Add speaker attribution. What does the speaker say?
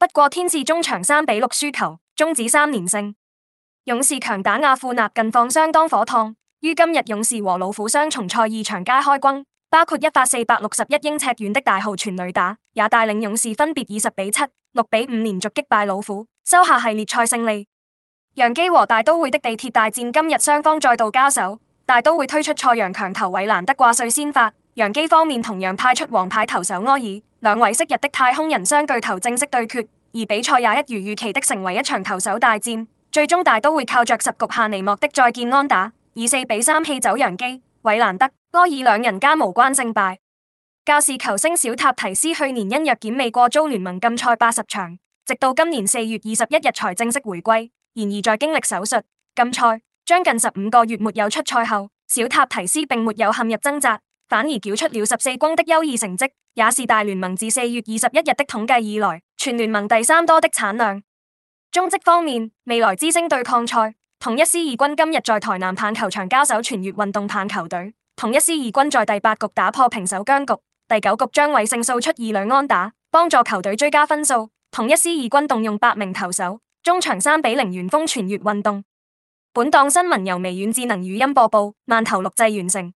Speaker 1: 不過天使中場三比六輸球，終止三連勝。勇士強打阿庫納近況相當火燙，於今日勇士和老虎雙重賽二場皆開轟，包括一發四百六十一英尺遠的大號全壘打，也帶領勇士分別以十比七、六比五連續擊敗老虎，收下系列賽勝利。楊基和大都會的地鐵大戰今日雙方再度交手，大都會推出賽揚強投韋蘭德掛帥先發，楊基方面同樣派出王牌投手柯爾。兩位昔日的太空人雙巨頭正式對決，而比賽也一如預期的成為一場投手大戰。最終大都會靠着十局下尼莫的再見安打，以四比三氣走洋基。韋蘭德、戈爾兩人皆無關勝敗。教士球星小塔提斯去年因藥檢未過遭聯盟禁賽八十場，直到今年四月二十一日才正式回歸。然而在經歷手術、禁賽、將近十五個月沒有出賽後，小塔提斯並沒有陷入掙扎。反而繳出了十四轟的優異成績，也是大聯盟自四月二十一日的統計以來全聯盟第三多的產量。中職方面，未來之星對抗賽統一獅二軍今日在台南棒球場交手全越運動棒球隊，統一獅二軍在第八局打破平手僵局，第九局張偉勝掃出二壘安打，幫助球隊追加分數。統一獅二軍動用八名投手，終場三比零完封全越運動。本檔新聞由微軟智能語音播報，慢頭錄製完成。